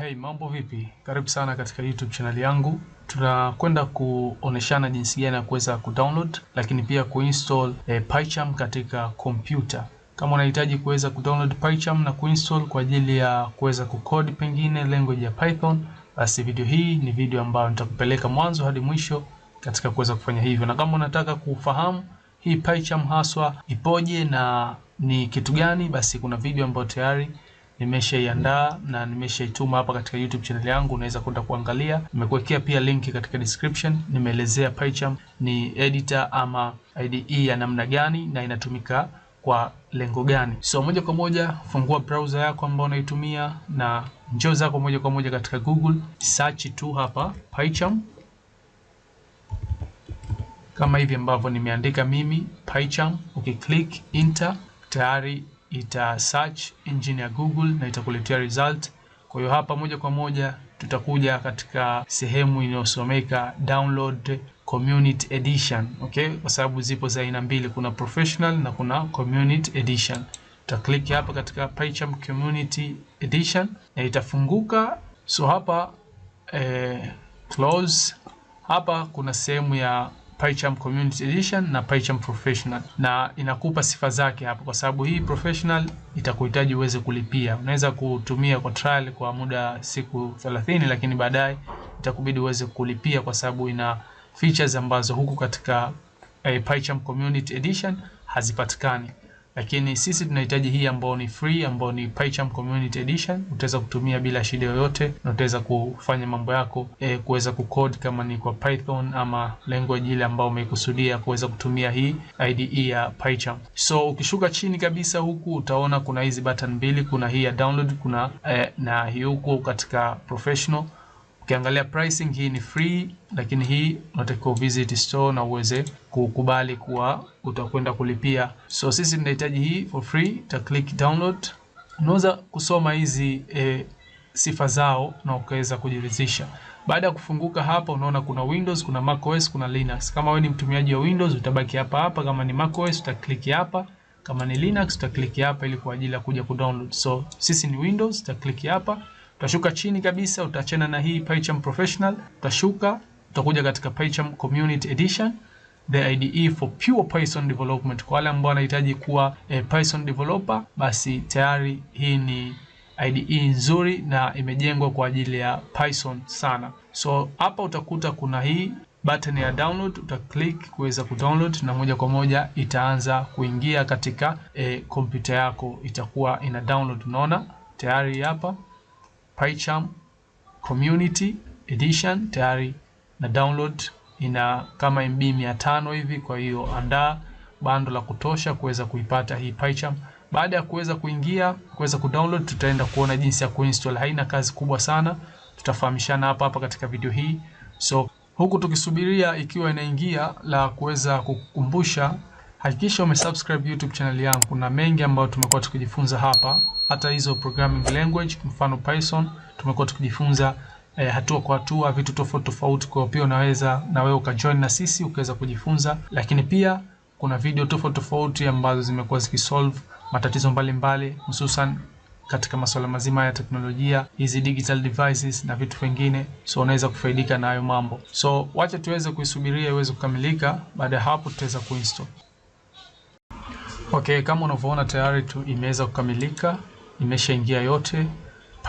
Hey, mambo vipi? Karibu sana katika YouTube channel yangu. Tunakwenda kuoneshana jinsi gani ya kuweza kudownload lakini pia kuinstall eh, PyCharm katika kompyuta. Kama unahitaji kuweza kudownload PyCharm na kuinstall kwa ajili ya kuweza kukodi pengine language ya Python, basi video hii ni video ambayo nitakupeleka mwanzo hadi mwisho katika kuweza kufanya hivyo. Na kama unataka kufahamu hii PyCharm haswa ipoje na ni kitu gani, basi kuna video ambayo tayari nimeshaiandaa na nimeshaituma hapa katika YouTube channel yangu, unaweza kwenda kuangalia. Nimekuwekea pia linki katika description. Nimeelezea PyCharm ni editor ama IDE ya namna gani na inatumika kwa lengo gani. So moja kwa moja fungua browser yako ambayo unaitumia na njoo zako moja kwa moja katika Google, search tu hapa PyCharm kama hivi ambavyo nimeandika mimi PyCharm. Ukiclick enter tayari ita search engine ya Google na itakuletea result. Kwa hiyo hapa moja kwa moja tutakuja katika sehemu inayosomeka download community edition, okay, kwa sababu zipo za aina mbili, kuna professional na kuna community edition. Tutaklik hapa katika PyCharm community edition na itafunguka. So hapa eh, close hapa kuna sehemu ya PyCharm Community Edition na PyCharm Professional, na inakupa sifa zake hapa, kwa sababu hii professional itakuhitaji uweze kulipia. Unaweza kutumia kwa trial kwa muda siku 30, lakini baadaye itakubidi uweze kulipia kwa sababu ina features ambazo huku katika eh, PyCharm Community Edition hazipatikani lakini sisi tunahitaji hii ambayo ni free, ambayo ni PyCharm Community Edition. Utaweza kutumia bila shida yoyote na utaweza kufanya mambo yako e, kuweza kucode kama ni kwa Python ama language ile ambayo umeikusudia kuweza kutumia hii IDE ya PyCharm. So ukishuka chini kabisa huku utaona kuna hizi button mbili, kuna hii ya download, kuna e, na hii huko katika professional Ukiangalia pricing hii ni free, lakini hii unatakiwa visit store na uweze kukubali kuwa utakwenda kulipia. So sisi tunahitaji hii for free, ta click download. Unaweza kusoma hizi e, sifa zao na ukaweza kujiridhisha. Baada ya kufunguka hapa, unaona kuna Windows, kuna macOS, kuna Linux. Kama wewe ni mtumiaji wa Windows utabaki hapa hapa, kama ni macOS utakliki hapa, kama ni Linux utakliki hapa, ili kwa ajili ya kuja kudownload. So sisi ni Windows, utakliki hapa Utashuka chini kabisa utaachana na hii PyCharm Professional, utashuka utakuja katika PyCharm Community Edition, the IDE for pure Python development. Kwa wale ambao wanahitaji kuwa a eh, Python developer, basi tayari hii ni IDE nzuri na imejengwa kwa ajili ya Python sana. So hapa utakuta kuna hii button ya download, uta click kuweza kudownload na moja kwa moja itaanza kuingia katika e, kompyuta yako, itakuwa ina download. Unaona tayari hapa PyCharm Community Edition tayari na download ina kama MB 500 hivi. Kwa hiyo andaa bando la kutosha kuweza kuipata hii PyCharm. Baada ya kuweza kuingia kuweza kudownload, tutaenda kuona jinsi ya kuinstall. Haina kazi kubwa sana, tutafahamishana hapa hapa katika video hii. So huku tukisubiria ikiwa inaingia, la kuweza kukumbusha Hakikisha umesubscribe YouTube channel yangu. Kuna mengi ambayo tumekuwa tukijifunza hapa, hata hizo programming language, mfano Python, tumekuwa tukijifunza eh, hatua kwa hatua vitu tofauti tofauti. Kwa pia unaweza na wewe ukajoin na sisi ukaweza kujifunza, lakini pia kuna video tofauti tofauti ambazo zimekuwa zikisolve matatizo mbalimbali hususan katika masuala mazima ya teknolojia hizi digital devices na vitu vingine, so unaweza kufaidika na hayo mambo. So wacha tuweze kuisubiria iweze kukamilika, baada ya hapo tutaweza kuinstall. Okay, kama unavyoona tayari tu imeweza kukamilika, imeshaingia yote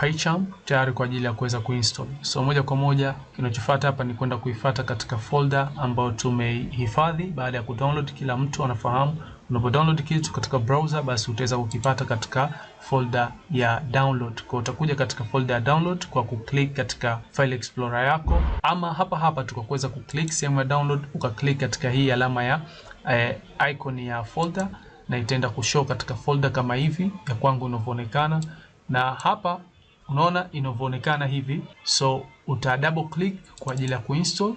PyCharm tayari kwa ajili ya kuweza kuinstall. So moja kwa moja kinachofuata hapa ni kwenda kuifata katika folder ambayo tumeihifadhi baada ya kudownload. Kila mtu anafahamu unapodownload kitu katika browser, basi utaweza kukipata katika folder ya download. Kwa utakuja katika folder ya download kwa kuklik katika file explorer yako, ama hapa hapa tu kwa kuweza kuklik sehemu ya download, ukaklik katika hii alama ya eh, icon ya folder na itaenda kushow katika folder kama hivi ya kwangu inavyoonekana, na hapa unaona inavyoonekana hivi, so uta double click kwa ajili ya kuinstall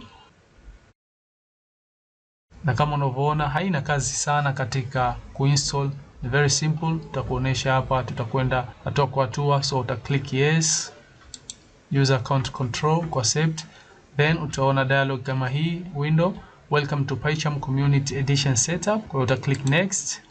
na kama unavyoona haina kazi sana katika kuinstall, ni very simple. Tutakuonesha hapa, tutakwenda hatua kwa hatua. So uta click yes, user account control kwa accept, then utaona dialog kama hii window, welcome to PyCharm community edition setup. Kwa hiyo uta click next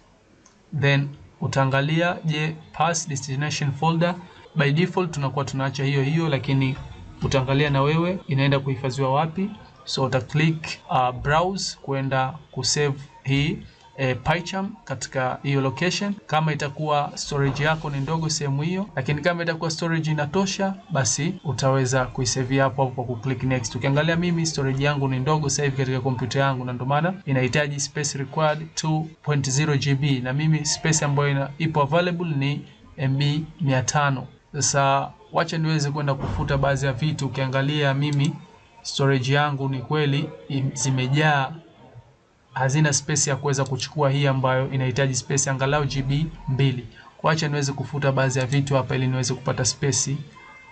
then utaangalia je, pass destination folder. By default tunakuwa tunaacha hiyo hiyo, lakini utaangalia na wewe inaenda kuhifadhiwa wapi. So uta click uh, browse kwenda kusave hii e, eh, PyCharm katika hiyo location. Kama itakuwa storage yako ni ndogo sehemu hiyo, lakini kama itakuwa storage inatosha, basi utaweza kuisave hapo hapo kwa kuclick next. Ukiangalia mimi storage yangu ni ndogo sasa hivi katika kompyuta yangu, na ndio maana inahitaji space required 2.0 GB, na mimi space ambayo ipo available ni MB 500. Sasa wacha niweze kwenda kufuta baadhi ya vitu. Ukiangalia mimi storage yangu ni kweli zimejaa hazina space ya kuweza kuchukua hii ambayo inahitaji space angalau GB mbili. Kuacha acha niweze kufuta baadhi ya vitu hapa ili niweze kupata space.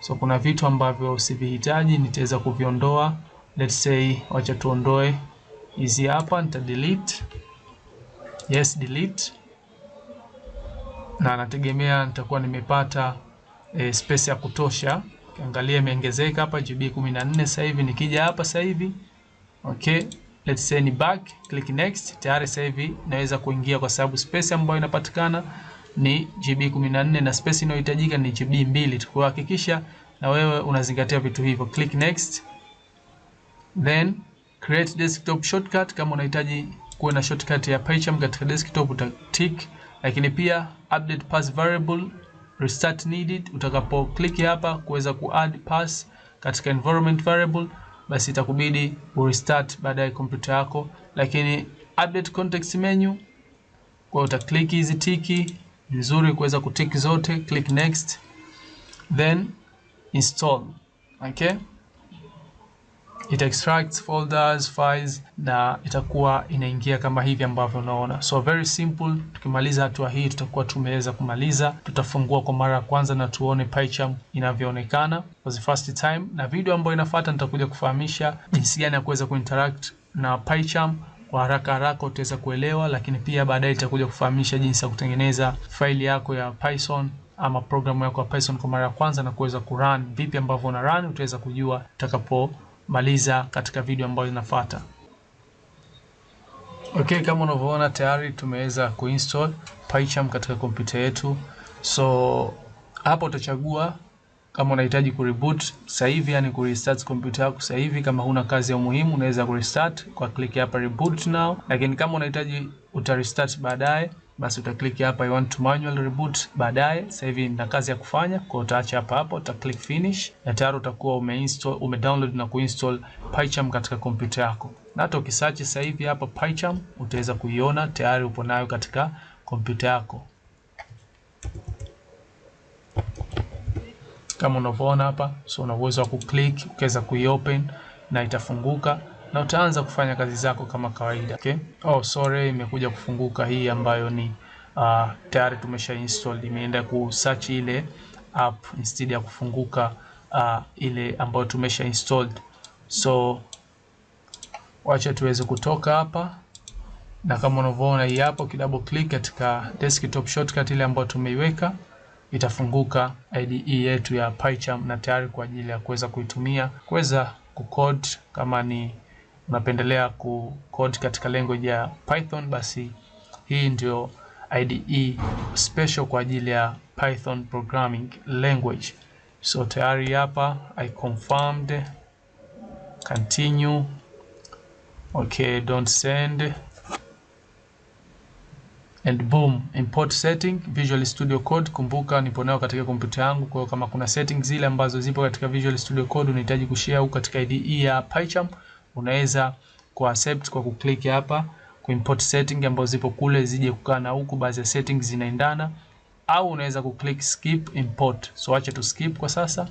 So kuna vitu ambavyo sivihitaji nitaweza kuviondoa. Let's say wacha tuondoe hizi hapa, nita delete. Yes, delete. Na nategemea nitakuwa nimepata e, space ya kutosha. kiangalia imeongezeka hapa GB 14 sasa hivi, nikija hapa sasa hivi okay Let's say ni back, click next. Tayari sasa hivi naweza kuingia kwa sababu space ambayo inapatikana ni GB 14 na space inayohitajika ni GB 2. Tukahakikisha na wewe unazingatia vitu hivyo. Click next. Then create desktop shortcut kama unahitaji kuwa na shortcut ya PyCharm katika desktop uta tick, lakini pia update pass variable, restart needed utakapo click hapa kuweza ku add pass katika environment variable basi itakubidi urestart baada ya kompyuta yako, lakini update context menu kwa utaklik hizi tiki nzuri kuweza kutiki zote, click next then install. Okay? ita extract folders, files na itakuwa inaingia kama hivi ambavyo unaona. So very simple. Tukimaliza hatua hii tutakuwa tumeweza kumaliza. Tutafungua kwa mara ya kwanza na tuone PyCharm inavyoonekana for the first time, na video ambayo inafuata nitakuja kufahamisha jinsi gani ya kuweza kuinteract na PyCharm kwa haraka haraka utaweza kuelewa, lakini pia baadaye itakuja kufahamisha jinsi ya kutengeneza faili yako ya Python ama programu yako ya Python kwa mara ya kwanza na kuweza kurun vipi ambavyo una run, utaweza kujua utakapo maliza katika video ambayo inafuata. Okay, kama unavyoona tayari tumeweza kuinstall PyCharm katika kompyuta yetu. So hapa utachagua kama unahitaji kureboot sasa hivi, yani kurestart kompyuta yako sasa hivi, kama huna kazi ya muhimu unaweza kurestart kwa click hapa reboot now, lakini kama unahitaji utarestart baadaye basi utaklik hapa I want to manual reboot baadaye. Sasa hivi na kazi ya kufanya, kwa utaacha hapa hapo, uta finish na tayari utakuwa umeinstall, umedownload na kuinstall PyCharm katika kompyuta yako, na hata ukisearch sasa hivi hapa PyCharm utaweza kuiona tayari, upo nayo katika kompyuta yako kama unavyoona hapa. So una uwezo wa kuclick ukaweza kuiopen na itafunguka na utaanza kufanya kazi zako kama kawaida okay? Oh, sorry imekuja kufunguka hii ambayo ni uh, tayari tumesha install, imeenda ku search ile app instead ya kufunguka uh, ile ambayo tumesha installed. So wacha tuweze kutoka hapa, na kama unavyoona hii hapo, kidabo click katika desktop shortcut ile ambayo tumeiweka itafunguka IDE yetu ya PyCharm na tayari kwa ajili ya kuweza kuitumia kuweza kucode kama ni unapendelea kucode katika language ya Python, basi hii ndio IDE special kwa ajili ya Python programming language. So tayari hapa I confirmed, continue. Okay, don't send and boom, import setting Visual Studio Code. Kumbuka nipo nayo katika kompyuta yangu, kwa hiyo kama kuna settings zile ambazo zipo katika Visual Studio Code unahitaji kushare huko katika IDE ya PyCharm unaweza ku accept kwa kuklik hapa import setting ambazo zipo kule zije kukaa na huku, baadhi ya settings zinaendana, au unaweza kuclick skip import. So acha tu skip kwa sasa,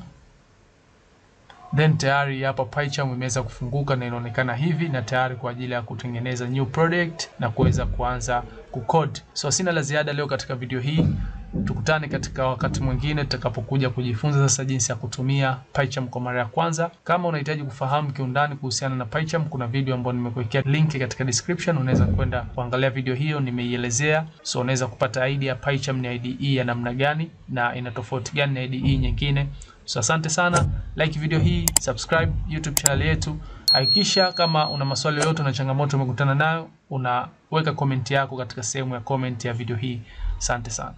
then tayari hapa PyCharm imeweza kufunguka na inaonekana hivi, na tayari kwa ajili ya kutengeneza new project na kuweza kuanza kucode. So sina la ziada leo katika video hii. Tukutane katika wakati mwingine tutakapokuja kujifunza sasa jinsi ya kutumia PyCharm kwa mara ya kwanza. Kama unahitaji kufahamu kiundani kuhusiana na PyCharm, kuna video ambayo nimekuwekea link katika description, unaweza kwenda kuangalia video hiyo, nimeielezea. So unaweza kupata idea ya PyCharm ni IDE ya namna gani na ina tofauti gani na IDE nyingine. So asante sana, like video hii, subscribe YouTube channel yetu. Hakikisha kama una maswali yoyote na changamoto umekutana nayo, unaweka komenti yako katika sehemu ya komenti ya video hii. Asante sana.